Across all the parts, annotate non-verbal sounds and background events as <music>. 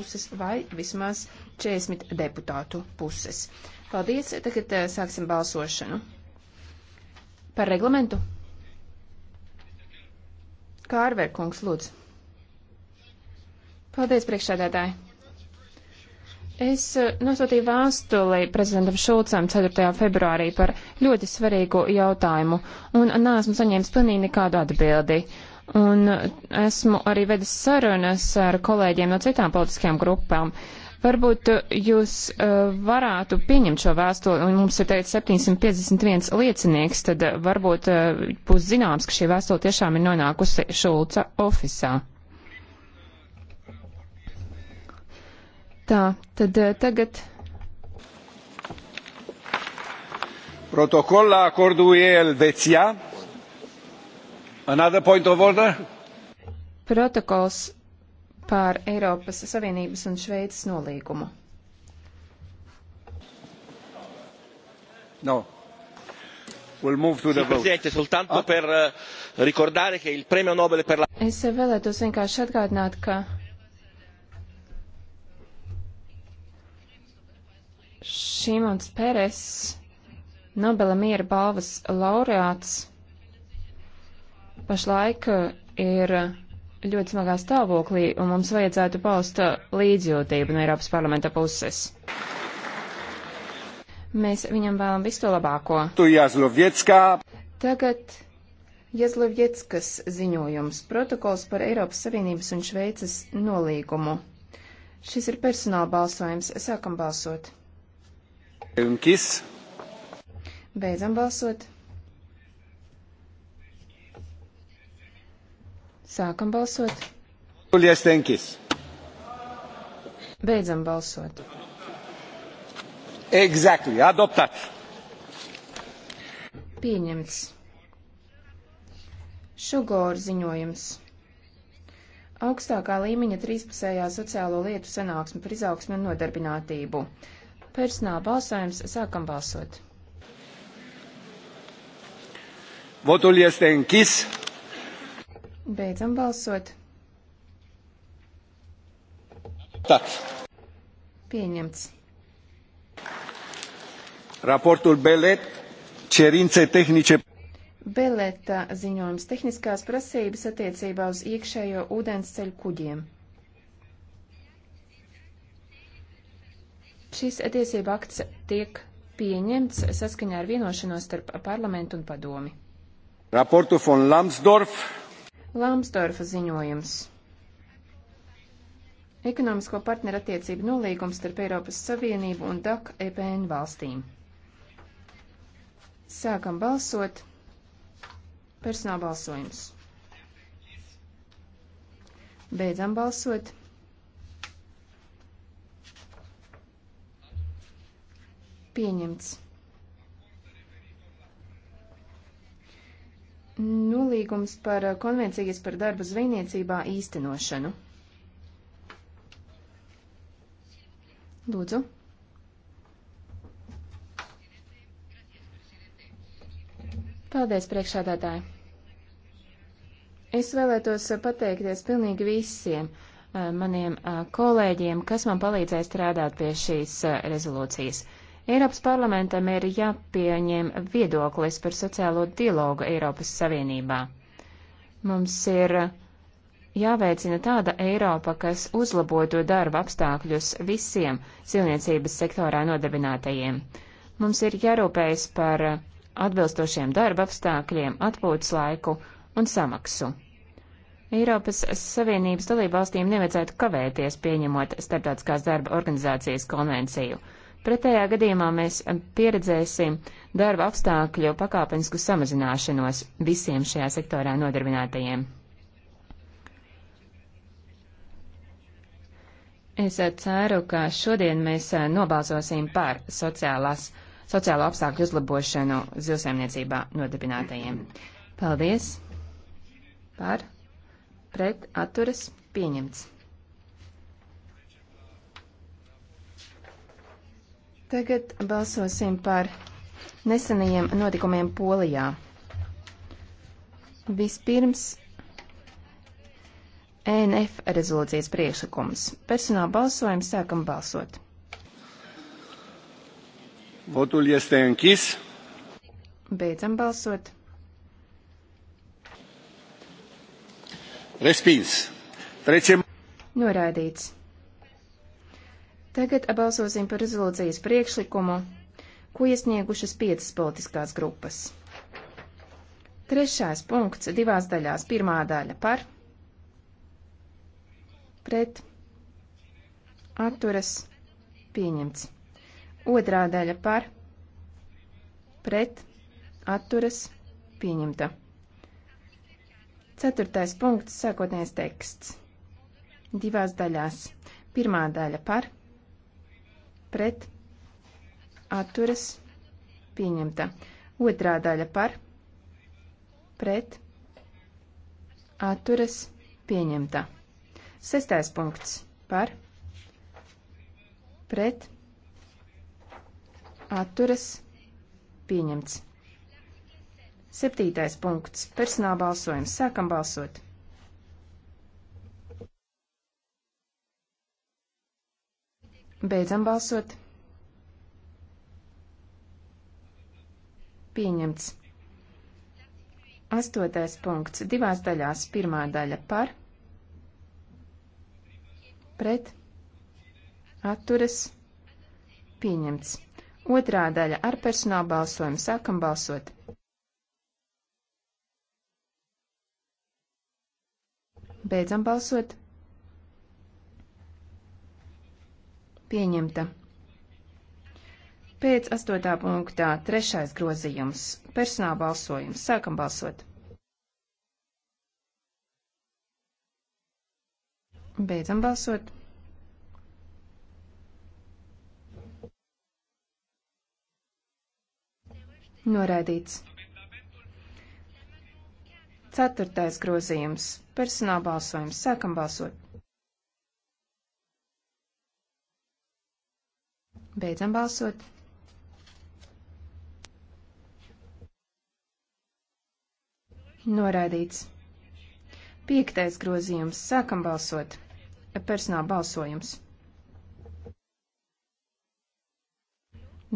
puses vai vismaz 40 deputātu puses. Paldies, tagad eh, sāksim balsošanu. Par reglamentu. Kārver kungs, lūdzu. Paldies, priekšsēdētāji. Es eh, nosūtīju vēstuli prezidentam Šulcam 4. februārī par ļoti svarīgu jautājumu, un neesmu saņēmis pilnīgi nekādu atbildi. Uh, un esmu arī vedis sarunas ar kolēģiem no citām politiskajām grupām. Varbūt jūs uh, varētu pieņemt šo vēstuli, un mums ir tagad 751 liecinieks, tad uh, varbūt uh, būs zināms, ka šī vēstule tiešām ir nonākusi Šulca ofisā. Tā, tad uh, tagad. Protokolla acordului el veția Protokols pār Eiropas Savienības un Šveices nolīgumu. No. We'll soltanto ah. per eh, ricordare che il premio Nobel per la Es vēlētos vienkārši atgādināt, ka Šimons Peres Nobela miera balvas laureāts pašlaik uh, ir ļoti smagā stāvoklī, un mums vajadzētu paust uh, līdzjūtību no Eiropas parlamenta puses. Mēs viņam vēlam visu to labāko. Tu Jāzlovieckā. Tagad Jāzlovieckas ziņojums - protokols par Eiropas Savienības un Šveices nolīgumu. Šis ir personāla balsojums. Sākam balsot. Kis. Beidzam balsot. Sākam balsot. Julijas Tenkis. Beidzam balsot. Exactly. Adoptat. Pieņemts. Šugor ziņojums. Augstākā līmeņa trīspusējā sociālo lietu sanāksme par izaugsmi un nodarbinātību. Personāla balsojums. Sākam balsot. Votul este închis. Beidzam balsot. Tak. Pieņemts. Raportul Belet, cerințe tehnice. Beleta ziņojums tehniskās prasības attiecībā uz iekšējo ūdensceļu kuģiem. Šis tiesība akts tiek pieņemts saskaņā ar vienošanos starp parlamentu un padomi. Raportu von Lamsdorf. Lamsdorfa ziņojums. Ekonomisko partnerattiecību nolīgums starp Eiropas Savienību un DAK EPN valstīm. Sākam balsot. Personāla balsojums. Beidzam balsot. Pieņemts. nolīgums par eh, konvencijas par darba zvejniecībā īstenošanu. Lūdzu. Paldies, priekšādātāji. Es vēlētos eh, pateikties pilnīgi visiem eh, maniem kolēģiem, kas man palīdzēja strādāt pie šīs rezolūcijas. Eiropas parlamentam ir jāpieņem viedoklis par sociālo dialogu Eiropas Savienībā. Mums ir jāveicina tāda Eiropa, kas uzlabotu darba apstākļus visiem silniecības sektorā nodarbinātajiem. Mums ir jārūpējas par atbilstošiem darba apstākļiem, atpūtas laiku un samaksu. Eiropas Savienības dalībvalstīm nevajadzētu kavēties pieņemot starptautiskās darba organizācijas konvenciju. Pretējā gadījumā mēs pieredzēsim darba apstākļu pakāpenisku samazināšanos visiem šajā sektorā nodarbinātajiem. Es eh, ceru, ka šodien mēs eh, nobalsosim par sociālās, sociālo apstākļu uzlabošanu zilsēmniecībā nodarbinātajiem. Paldies! Par, pret, atturas, pieņemts. Tagad balsosim par nesenajiem notikumiem Polijā. Vispirms ENF rezolūcijas priekšlikums. Personāla balsojums sākam balsot. Votul este închis. Beidzam balsot. Respins. Trecem. Noraidīts. Tagad balsosim par rezolūcijas priekšlikumu, ko iesniegušas piecas politiskās grupas. Trešais punkts divās daļās. Pirmā daļa par, pret, atturas, pieņemts. Otrā daļa par, pret, atturas, pieņemta. Ceturtais punkts, sākotnējais teksts. Divās daļās. Pirmā daļa par, pret pret atturas pieņemta. Otrā daļa par pret atturas pieņemta. Sestais punkts par pret atturas pieņemts. Septītais punkts. Personāla balsojums. Sākam balsot. Beidzam balsot. Pieņemts. Astotais punkts. Divās daļās. Pirmā daļa par. Pret. Atturas. Pieņemts. Otrā daļa ar personāla balsojumu. Sākam balsot. Beidzam balsot. Pieņemta. Pēc astotā punktā trešais grozījums - personāla balsojums. Sākam balsot. Beidzam balsot. Noraidīts. Ceturtais grozījums - personāla balsojums. Sākam balsot. Beidzam balsot. Noraidīts. Piektais grozījums. Sākam balsot. Personāla balsojums.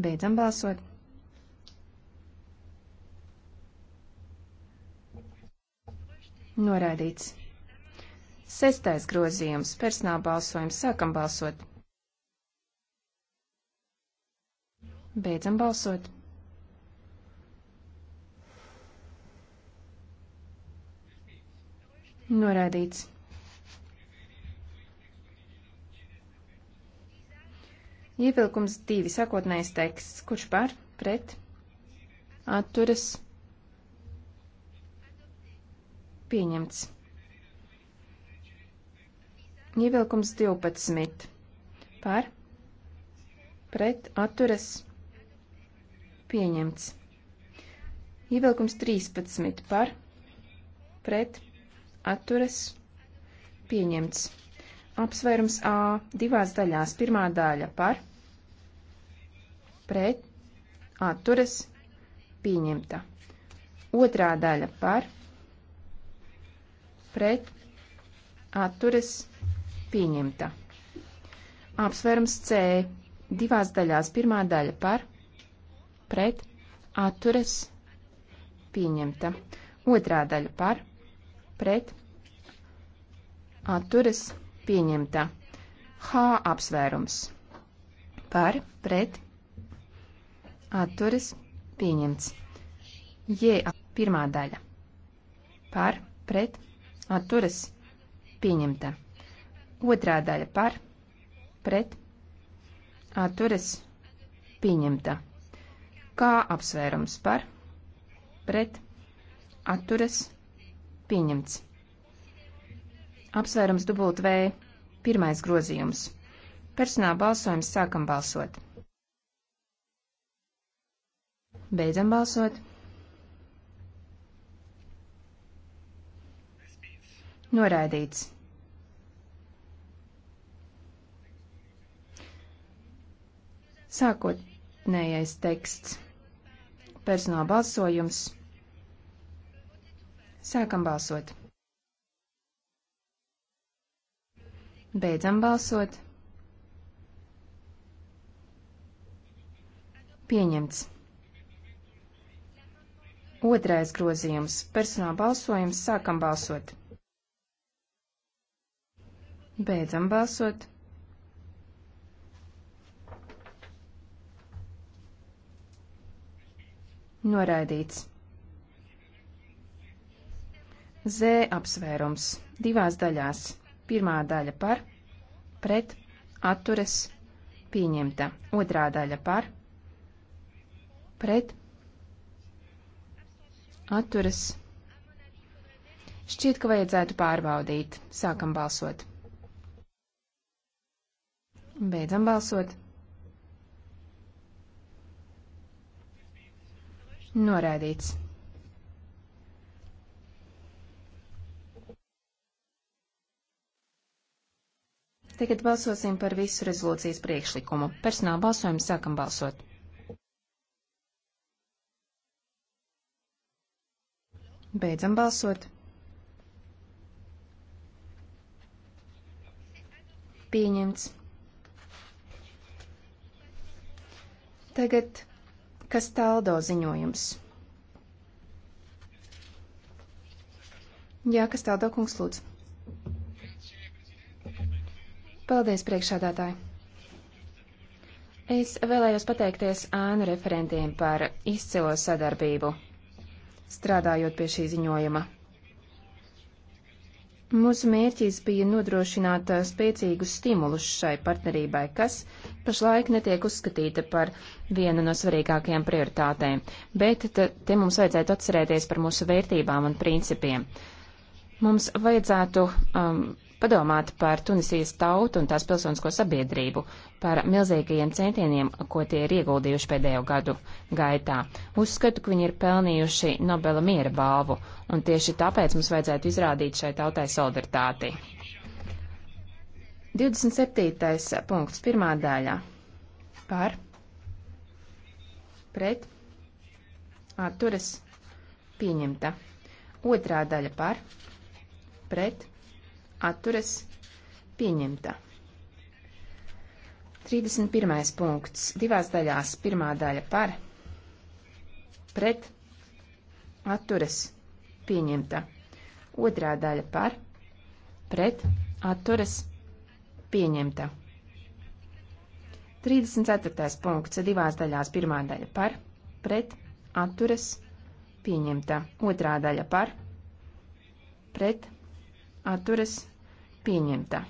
Beidzam balsot. Noraidīts. Sestais grozījums. Personāla balsojums. Sākam balsot. Beidzam balsot. Norādīts. Ievilkums divi sākotnējais teksts. Kurš par? Pret? Atturas? Pieņemts. Ievilkums 12. Par? Pret? Atturas? Pieņemts. Ievilkums 13 par, pret, atturas, pieņemts. Apsvērums A divās daļās. Pirmā daļa par, pret, atturas, pieņemta. Otrā daļa par, pret, atturas, pieņemta. Apsvērums C divās daļās. Pirmā daļa par, pret pret, atturas, pieņemta. Otrā daļa par, pret, atturas, pieņemta. H apsvērums. Par, pret, atturas, pieņemts. J pirmā daļa. Par, pret, atturas, pieņemta. Otrā daļa par, pret, atturas, pieņemta. Kā apsvērums par, pret, atturas, pieņemts. Apsvērums dubult V, pirmais grozījums. Personāla balsojums sākam balsot. Beidzam balsot. Noraidīts. Sākotnējais teksts personāla balsojums. Sākam balsot. Beidzam balsot. Pieņemts. Otrais grozījums - personāla balsojums. Sākam balsot. Beidzam balsot. Noraidīts. Z apsvērums divās daļās. Pirmā daļa par, pret, atturas, pieņemta. Otrā daļa par, pret, atturas. Šķiet, ka vajadzētu pārbaudīt. Sākam balsot. Beidzam balsot. Norādīts. Tagad balsosim par visu rezolūcijas priekšlikumu. Personāla balsojumu sākam balsot. Beidzam balsot. Pieņemts. Tagad Kas taldo ziņojums? Jā, kas taldo kungs lūdzu. Paldies, priekšādātāji. Es vēlējos pateikties ēnu referentiem par izcilo sadarbību, strādājot pie šī ziņojuma. Mūsu mērķis bija nodrošināt spēcīgus stimulus šai partnerībai, kas pašlaik netiek uzskatīta par vienu no svarīgākajām prioritātēm, bet te mums vajadzētu atcerēties par mūsu vērtībām un principiem. Mums vajadzētu um, padomāt par Tunisijas tautu un tās pilsonisko sabiedrību, par milzīgajiem centieniem, ko tie ir ieguldījuši pēdējo gadu gaitā. Uzskatu, ka viņi ir pelnījuši Nobela miera balvu, un tieši tāpēc mums vajadzētu izrādīt šai tautai solidaritāti. 27. punkts, pirmā daļā. Par, pret, atturas, pieņemta. Otrā daļa par, pret, atturas pieņemta. 31. punkts. Divās daļās. Pirmā daļa par, pret, atturas pieņemta. Otrā daļa par, pret, atturas pieņemta. 34. punkts. Divās daļās. Pirmā daļa par, pret, atturas pieņemta. Otrā daļa par, pret, atturas pieņemta pret atturas pieņemta.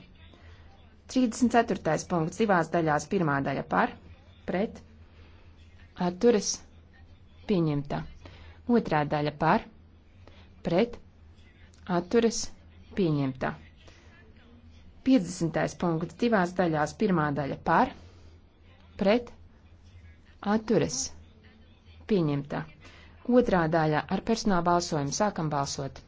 34. punkts divās daļās. Pirmā daļa par, pret, atturas pieņemta. Otrā daļa par, pret, atturas pieņemta. 50. punkts divās daļās. Pirmā daļa par, pret, atturas pieņemta. Otrā daļa ar personāla balsojumu sākam balsot.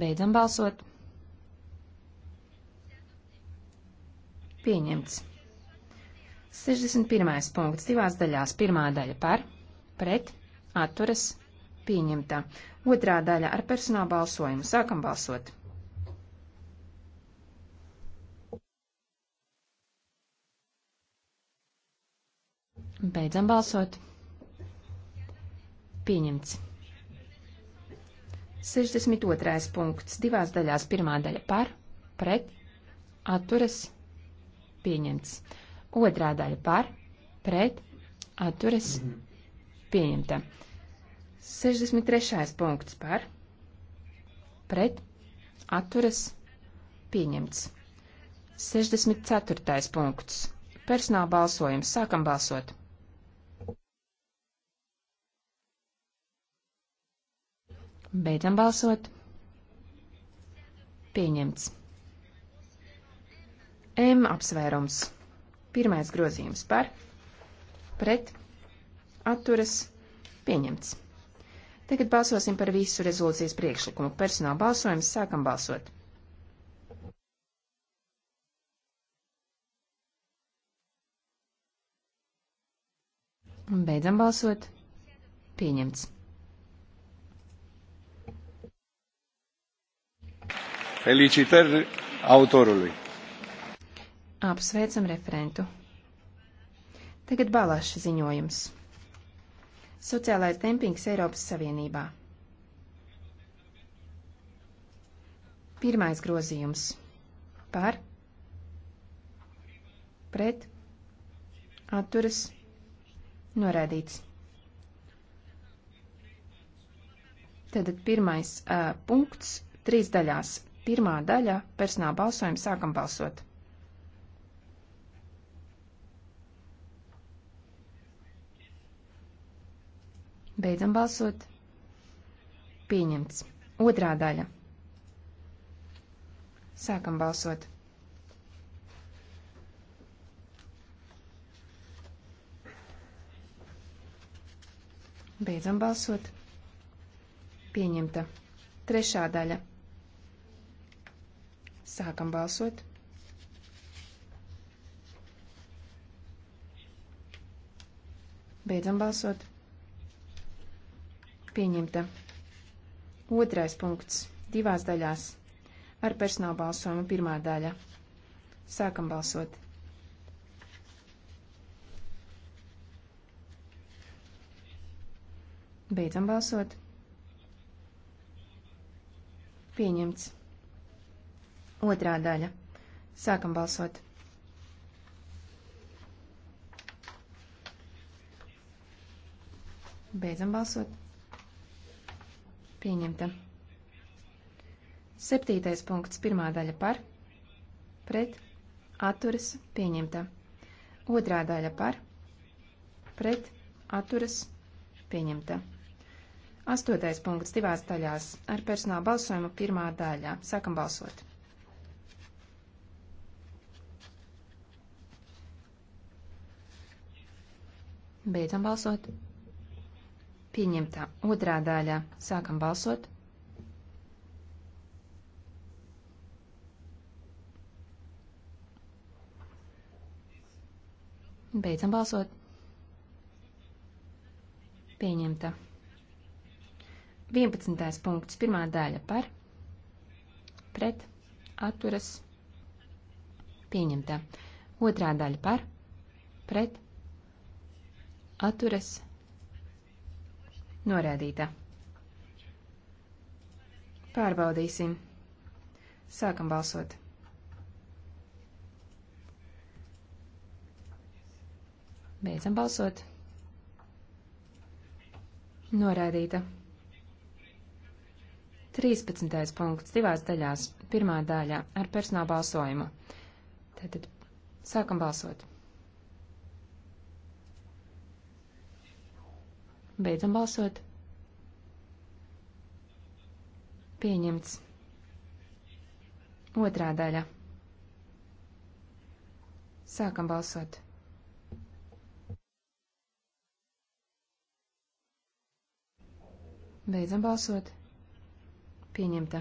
Beidzam balsot. Pieņemts. 61. punkts divās daļās. Pirmā daļa par, pret, atturas, pieņemta. Otrā daļa ar personālu balsojumu. Sākam balsot. Beidzam balsot. Pieņemts. 62. punkts. Divās daļās. Pirmā daļa par, pret, atturas, pieņemts. Otrā daļa par, pret, atturas, pieņemta. 63. punkts par, pret, atturas, pieņemts. 64. punkts. Personāla balsojums. Sākam balsot. Beidzam balsot. Pieņemts. M apsvērums. Pirmais grozījums par, pret, atturas, pieņemts. Tagad balsosim par visu rezolūcijas priekšlikumu. Personāla balsojums sākam balsot. Beidzam balsot. Pieņemts. Felicitări autorului. Apsveicam referentu. Tagad Balaša ziņojums. Sociālais tempings Eiropas Savienībā. Pirmais grozījums. Par. Pret. Atturas. Norādīts. Tad pirmais uh, punkts trīs daļās. Pirmā daļa - personāla balsojuma sākam balsot. Beidzam balsot. Pieņemts. Otrā daļa. Sākam balsot. Beidzam balsot. Pieņemta. Trešā daļa. Sākam balsot. Beidzam balsot. Pieņemta. Otrais punkts. Divās daļās. Ar personālu balsojumu pirmā daļa. Sākam balsot. Beidzam balsot. Pieņemts. Otrā daļa. Sākam balsot. Beidzam balsot. Pieņemta. Septītais punkts. Pirmā daļa par. Pret. Atturas. Pieņemta. Otrā daļa par. Pret. Atturas. Pieņemta. Astotais punkts divās daļās ar personāla balsojumu pirmā daļā. Sākam balsot. Beidzam balsot. Pieņemtā otrā daļā. Sākam balsot. Beidzam balsot. Pieņemta. 11. punkts, pirmā daļa par, pret, atturas, pieņemta. Otrā daļa par, pret, atturas norādīta. Pārbaudīsim. Sākam balsot. Beidzam balsot. Norādīta. 13. punkts divās daļās. Pirmā daļā ar personālu balsojumu. Tātad sākam balsot. Beidzam balsot. Pieņemts. Otrā daļa. Sākam balsot. Beidzam balsot. Pieņemta.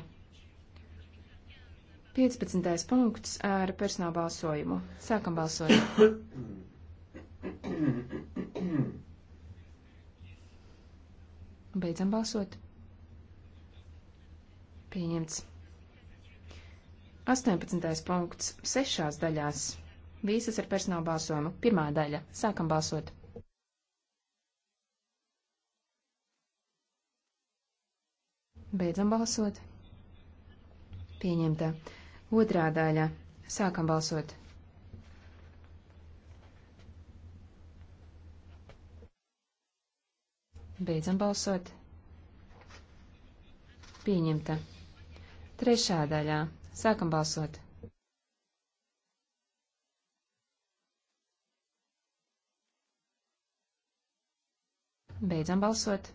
15. punkts ar personālu balsojumu. Sākam balsot. <coughs> Beidzam balsot. Pieņemts. 18. punkts. Sešās daļās. Visas ar personālu balsojumu. Pirmā daļa. Sākam balsot. Beidzam balsot. Pieņemta. Otrā daļa. Sākam balsot. Beidzam balsot. Pieņemta. Trešā daļā. Sākam balsot. Beidzam balsot.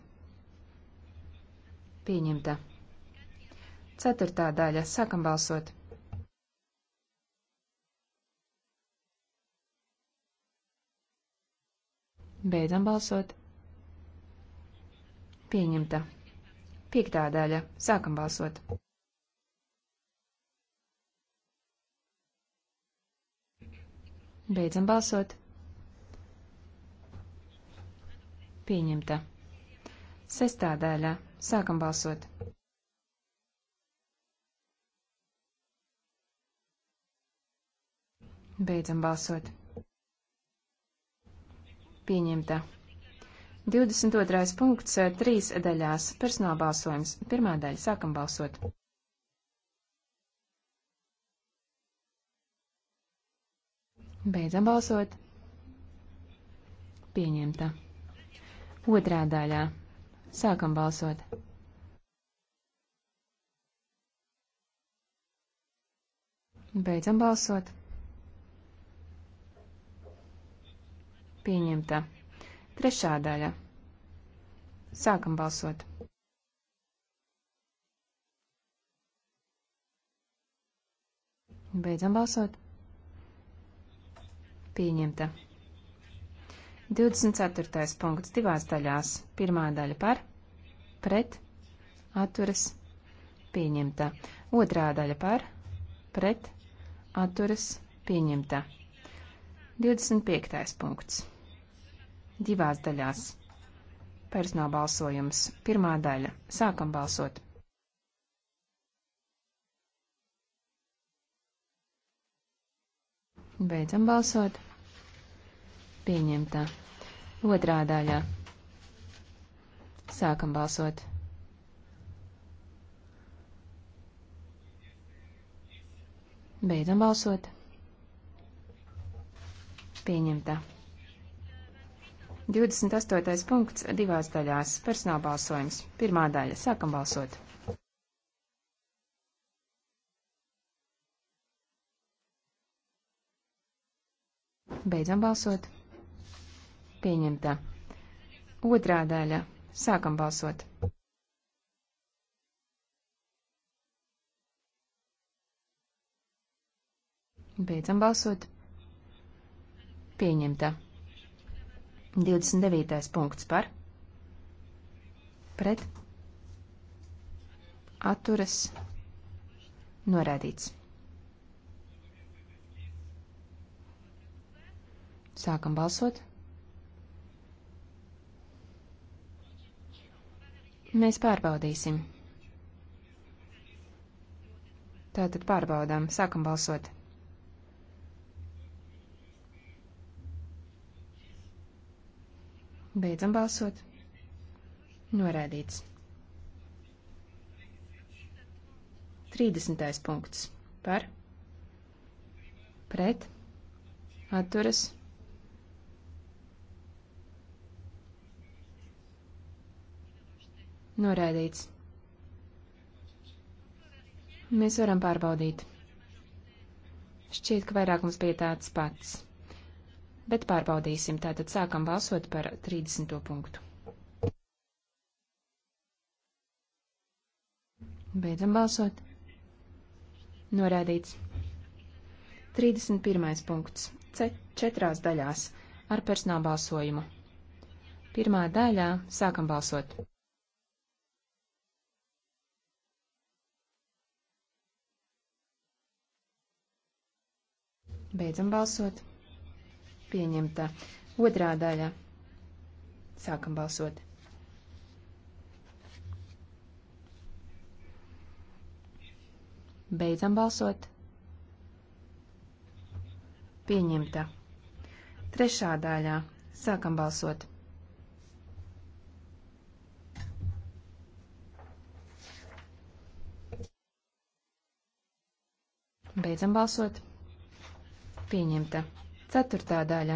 Pieņemta. Ceturtā daļa. Sākam balsot. Beidzam balsot. Pieņemta. Piektā daļa. Sākam balsot. Beidzam balsot. Pieņemta. Sestā daļa. Sākam balsot. Beidzam balsot. Pieņemta. 22. punkts eh, trīs daļās - personāla balsojums. Pirmā daļa - sākam balsot. Beidzam balsot. Pieņemta. Otrā daļā - sākam balsot. Beidzam balsot. Pieņemta. Trešā daļa. Sākam balsot. Beidzam balsot. Pieņemta. 24. punkts divās daļās. Pirmā daļa par, pret, atturas, pieņemta. Otrā daļa par, pret, atturas, pieņemta. 25. punkts divās daļās. Personāla balsojums. Pirmā daļa. Sākam balsot. Beidzam balsot. Pieņemtā. Otrā daļā. Sākam balsot. Beidzam balsot. Pieņemtā. 28. punkts divās daļās. Personāla balsojums. Pirmā daļa. Sākam balsot. Beidzam balsot. Pieņemta. Otrā daļa. Sākam balsot. Beidzam balsot. Pieņemta. 29. punkts par, pret, atturas, norādīts. Sākam balsot. Mēs pārbaudīsim. Tātad pārbaudām, sākam balsot. Beidzam balsot. Norādīts. 30. punkts. Par. Pret. Atturas. Norādīts. Mēs varam pārbaudīt. Šķiet, ka vairākums bija tāds pats bet pārbaudīsim. Tātad sākam balsot par 30. punktu. Beidzam balsot. Norādīts. 31. punkts. C četrās daļās ar personālu balsojumu. Pirmā daļā sākam balsot. Beidzam balsot pieņemta. Otrā daļa. Sākam balsot. Beidzam balsot. Pieņemta. Trešā daļā. Sākam balsot. Beidzam balsot. Pieņemta. Ceturtā daļā.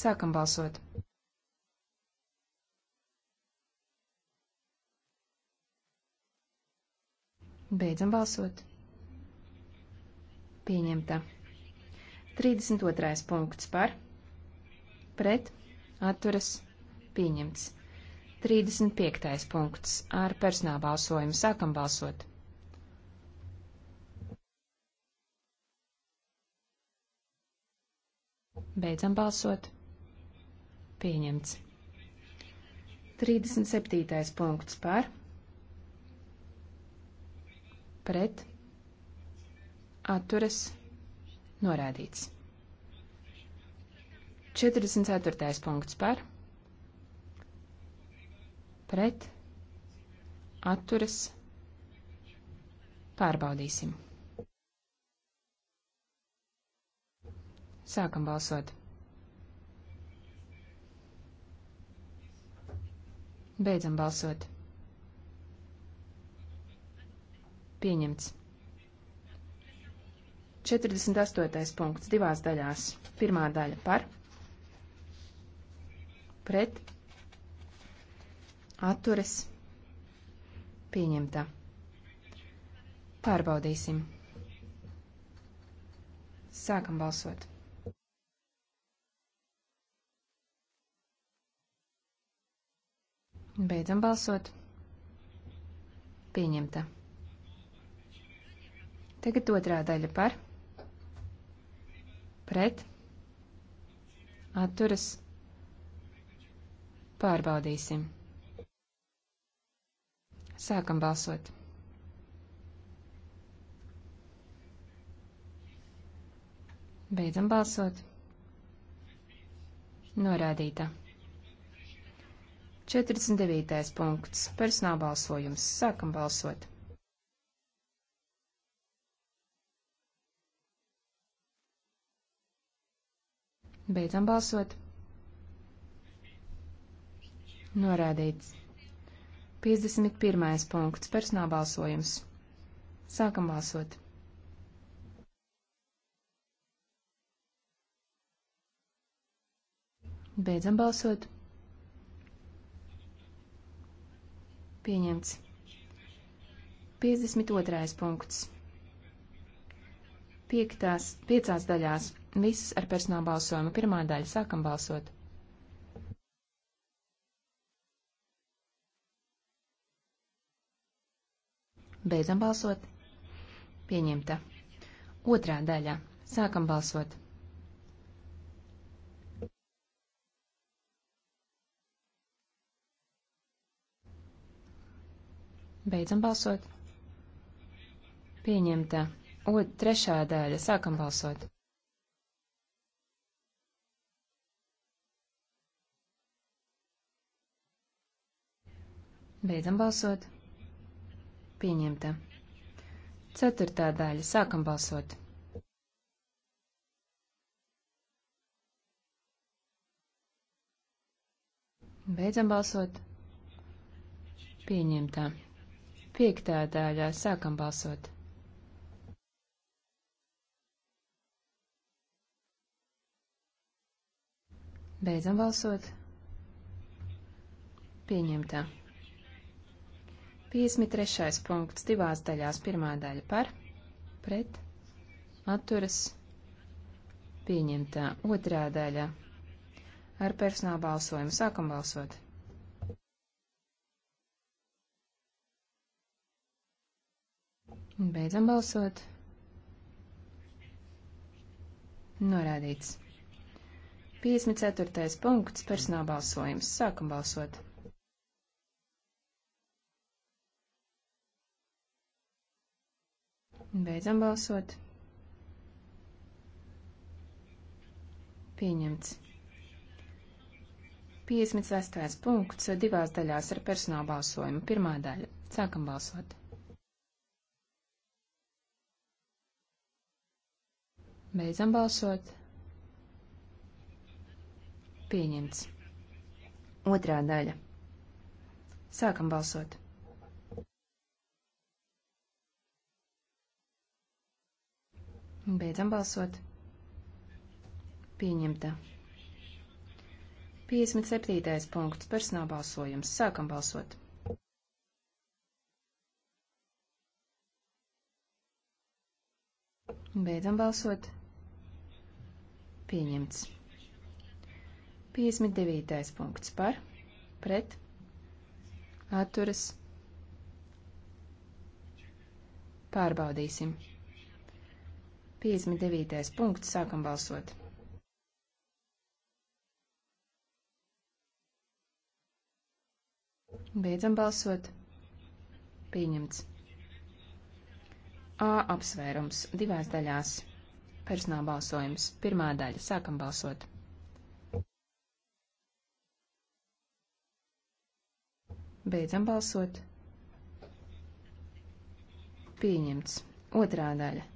Sākam balsot. Beidzam balsot. Pieņemta. 32. punkts par, pret, atturas, pieņemts. 35. punkts ar personālu balsojumu. Sākam balsot. Beidzam balsot. Pieņemts. 37. punkts par. Pret. Atturas. Norādīts. 44. punkts par. Pret. Atturas. Pārbaudīsim. Sākam balsot. Beidzam balsot. Pieņemts. 48. punkts divās daļās. Pirmā daļa par, pret, atturas, pieņemta. Pārbaudīsim. Sākam balsot. Beidzam balsot. Pieņemta. Tagad otrā daļa par. Pret. Atturas. Pārbaudīsim. Sākam balsot. Beidzam balsot. Norādīta. 49. punkts. Personāla balsojums. Sākam balsot. Beidzam balsot. Norādīts. 51. punkts. Personāla balsojums. Sākam balsot. Beidzam balsot. Pieņemts. 52. punkts. Piektās, piecās daļās. Viss ar personālu balsojumu. Pirmā daļa. Sākam balsot. Beidzam balsot. Pieņemta. Otrā daļa. Sākam balsot. Beidzam balsot. Pieņemta. O, trešā daļa. Sākam balsot. Beidzam balsot. Pieņemta. Ceturtā daļa. Sākam balsot. Beidzam balsot. Pieņemtā. Piektā daļā sākam balsot. Beidzam balsot. Pieņemtā. 53. punkts divās daļās. Pirmā daļa par, pret, atturas, pieņemtā. Otrā daļa ar personālu balsojumu. Sākam balsot. Beidzam balsot. Norādīts. 54. punkts personāla balsojums. Sākam balsot. Beidzam balsot. Pieņemts. 56. punkts divās daļās ar personāla balsojumu. Pirmā daļa. Sākam balsot. Beidzam balsot. Pieņemts. Otrā daļa. Sākam balsot. Beidzam balsot. Pieņemta. 57. punkts. Personāla balsojums. Sākam balsot. Beidzam balsot. Pieņemts. 59. punkts par, pret, atturas. Pārbaudīsim. 59. punkts. Sākam balsot. Beidzam balsot. Pieņemts. A apsvērums divās daļās. Personāla balsojums. Pirmā daļa. Sākam balsot. Beidzam balsot. Pieņemts. Otrā daļa.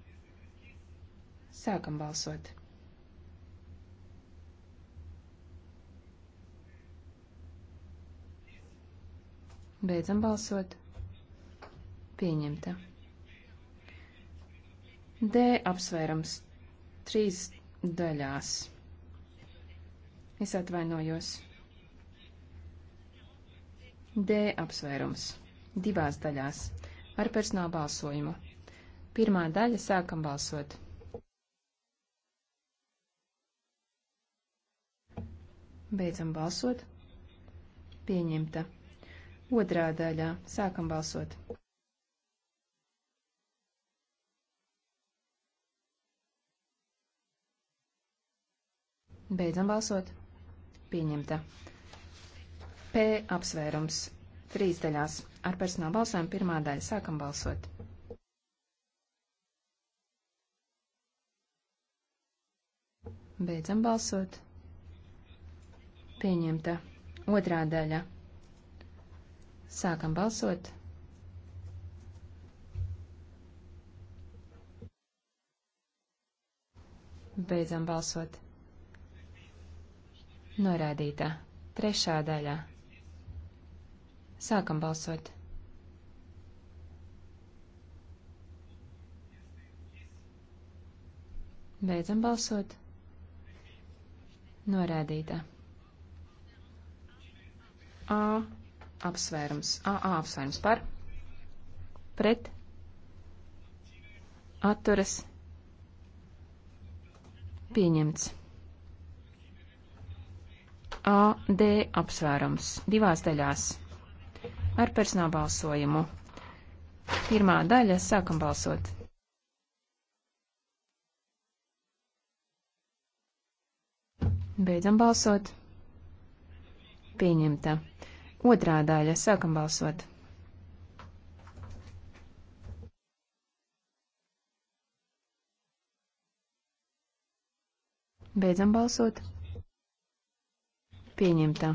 Sākam balsot. Beidzam balsot. Pieņemta. D apsvērums trīs daļās. Es atvainojos. D apsvērums. Divās daļās. Ar personālu balsojumu. Pirmā daļa sākam balsot. Beidzam balsot. Pieņemta. Otrā daļā sākam balsot. Beidzam balsot. Pieņemta. P apsvērums. Trīs daļās. Ar personālu balsojumu pirmā daļa. Sākam balsot. Beidzam balsot. Pieņemta. Otrā daļa. Sākam balsot. Beidzam balsot. Norādīta. Trešā daļā. Sākam balsot. Beidzam balsot. Norādīta. A. Apsvērums. A. A apsvērums par. Pret. Atturas. Pieņemts. AD apsvērums divās daļās ar personālu balsojumu. Pirmā daļa - sākam balsot. Beidzam balsot. Pieņemta. Otrā daļa - sākam balsot. Beidzam balsot. Pieņemta.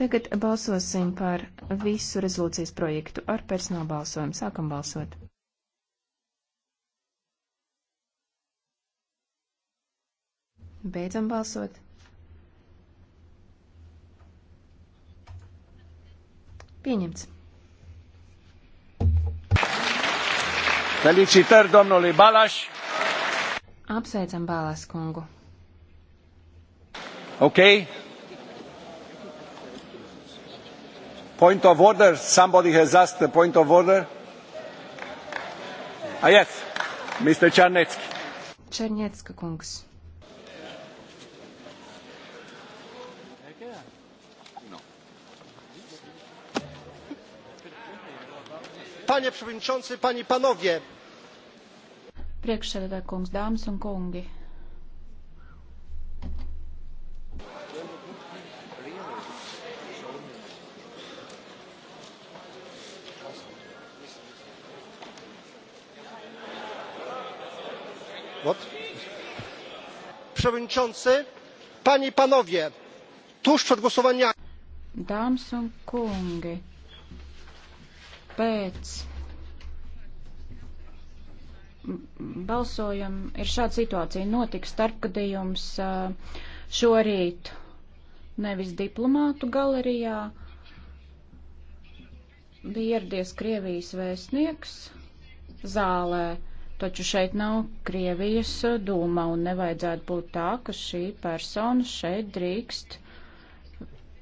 Tagad balsosim par visu rezolūcijas projektu ar personālu balsojumu. Sākam balsot. Beidzam balsot. Pieņemts. Felicitări domnului Balas. Apsveicam Balas kungu. Okay? Point of order. Somebody has asked the point of order. Ah, yes. Mr. Czarnecki. Černiecka kungs. Panie przewodniczący, panie panowie. Priekšsēdētāj kungs, dāmas un kungi. przewodniczący! panie i panowie! tuż przed głosowaniami Dāmas un kungi, pēc balsojam ir šāda situācija. Notika starpgadījums šorīt nevis diplomātu galerijā. Bija ieradies Krievijas vēstnieks zālē. Taču šeit nav Krievijas uh, dūma un nevajadzētu būt tā, ka šī persona šeit drīkst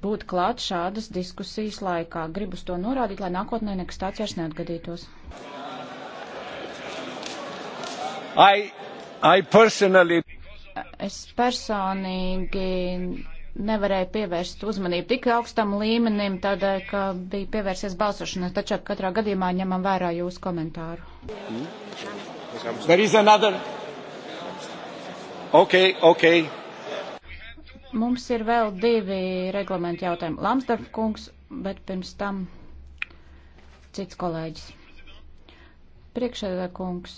būt klāt šādas diskusijas laikā. Gribu to norādīt, lai nākotnē nekas tāds vairs neatgadītos. I, I personally... Es personīgi nevarēju pievērst uzmanību tik augstam līmenim, tādēļ, ka bija pievērsies balsošanai, taču katrā gadījumā ņemam vērā jūsu komentāru. Mm. There is another. Okay, okay. Mums ir vēl divi reglamenti jautājumi. Lamsdorf kungs, bet pirms tam cits kolēģis. Priekšēdā kungs.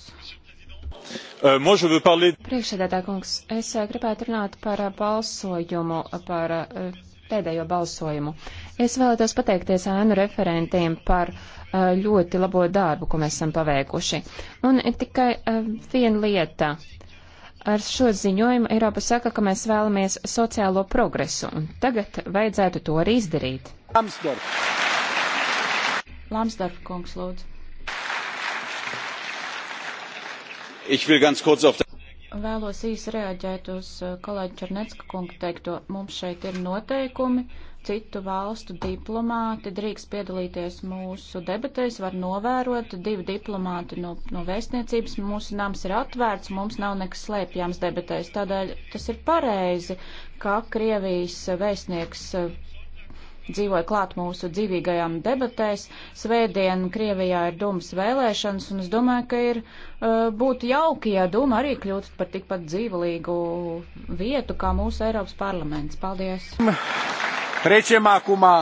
Euh, Priekšsēdētā kungs, es eh, gribētu runāt par eh, balsojumu par eh, pēdējo balsojumu. Es vēlētos pateikties ēnu referentiem par uh, ļoti labo darbu, ko mēs esam paveikuši. Un ir tikai uh, viena lieta. Ar šo ziņojumu Eiropa saka, ka mēs vēlamies sociālo progresu, un tagad vajadzētu to arī izdarīt. Lamsdorf. Lamsdorf kungs, lūdzu. Ich will ganz kurz auf Vēlos īsi reaģēt uz uh, kolēģi Černecka kungu teikto. Mums šeit ir noteikumi, citu valstu diplomāti drīkst piedalīties mūsu debatēs, var novērot divi diplomāti no, no vēstniecības. Mūsu nams ir atvērts, mums nav nekas slēpjams debatēs. Tādēļ tas ir pareizi, ka Krievijas vēstnieks uh, dzīvoja klāt mūsu dzīvīgajām debatēs. Svētdien Krievijā ir Dumas vēlēšanas, un es domāju, ka ir uh, būtu jauki, ja Duma arī kļūtu par tikpat dzīvelīgu vietu kā mūsu Eiropas parlaments. Paldies! Rečemākumā!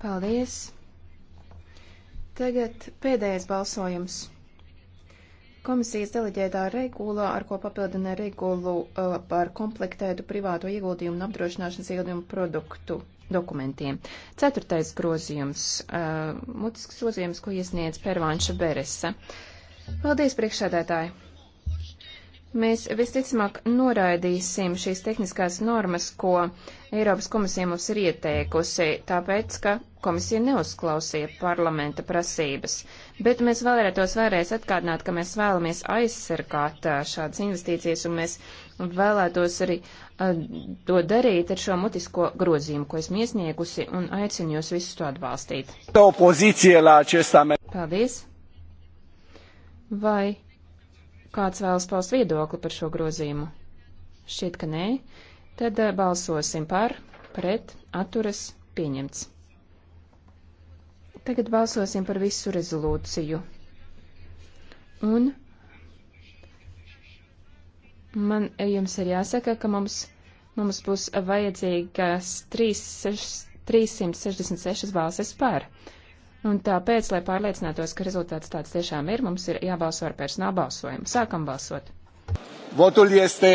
Paldies! Tagad pēdējais balsojums. Komisijas deleģētā regula, ar ko papildina regulu uh, par komplektētu privāto ieguldījumu un apdrošināšanas ieguldījumu produktu dokumentiem. Ceturtais grozījums, uh, mutisks grozījums, ko iesniedz Pervānša Beresa. Paldies, priekšsēdētāji! Mēs visticamāk noraidīsim šīs tehniskās normas, ko Eiropas komisija mums ir ieteikusi, tāpēc, ka komisija neuzklausīja parlamenta prasības. Bet mēs vēlētos vēlreiz atkārtināt, ka mēs vēlamies aizsargāt šādas investīcijas, un mēs vēlētos arī to darīt ar šo mutisko grozījumu, ko esmu iesniegusi, un aicinu jūs visus to atbalstīt. Paldies! Vai kāds vēlas paust viedokli par šo grozījumu? Šķiet, ka nē. Tad eh, balsosim par, pret, atturas, pieņemts. Tagad balsosim par visu rezolūciju. Un man eh, jums ir jāsaka, ka mums, mums būs vajadzīgas 3, 6, 366 balses par. Un tāpēc, lai pārliecinātos, ka rezultāts tāds tiešām ir, mums ir jābalso ar personālu balsojumu. Sākam balsot. Votul este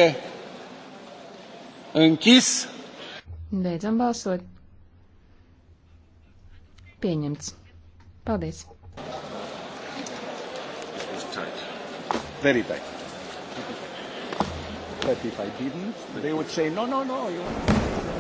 închis. Beidzam balsot. Pieņemts. Paldies. Very tight. But if I didn't, they would say, no, no, no. You're...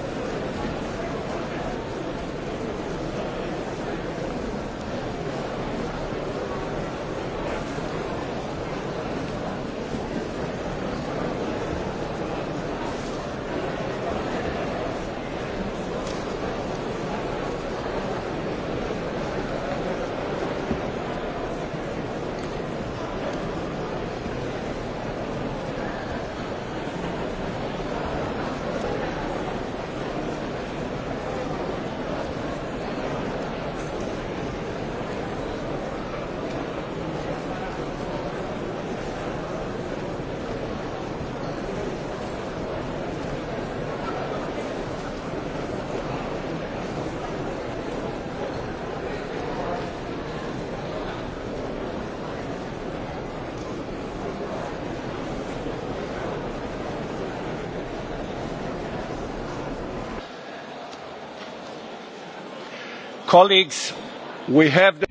The...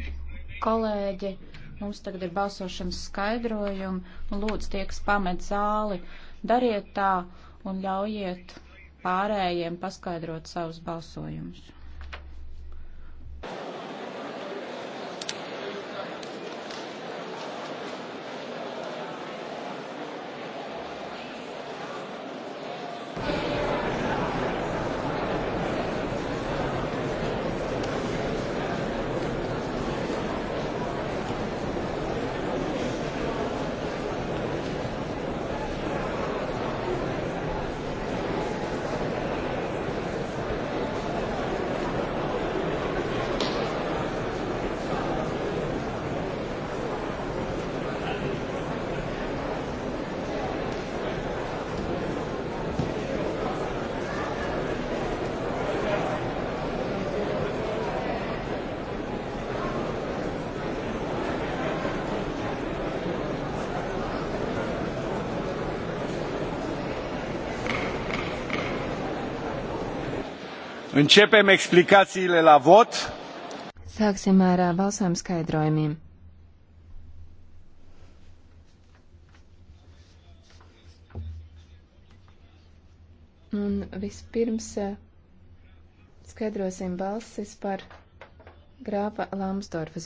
Kolēģi, mums tagad ir balsošanas skaidrojumi, un nu, lūdzu tie, kas pamet zāli, dariet tā un ļaujiet pārējiem paskaidrot savus balsojumus. Începem explicațiile la vot. Sāksim ar uh, balsām skaidrojumiem. Un vispirms uh, skaidrosim balsis par grāfa Lamsdorfas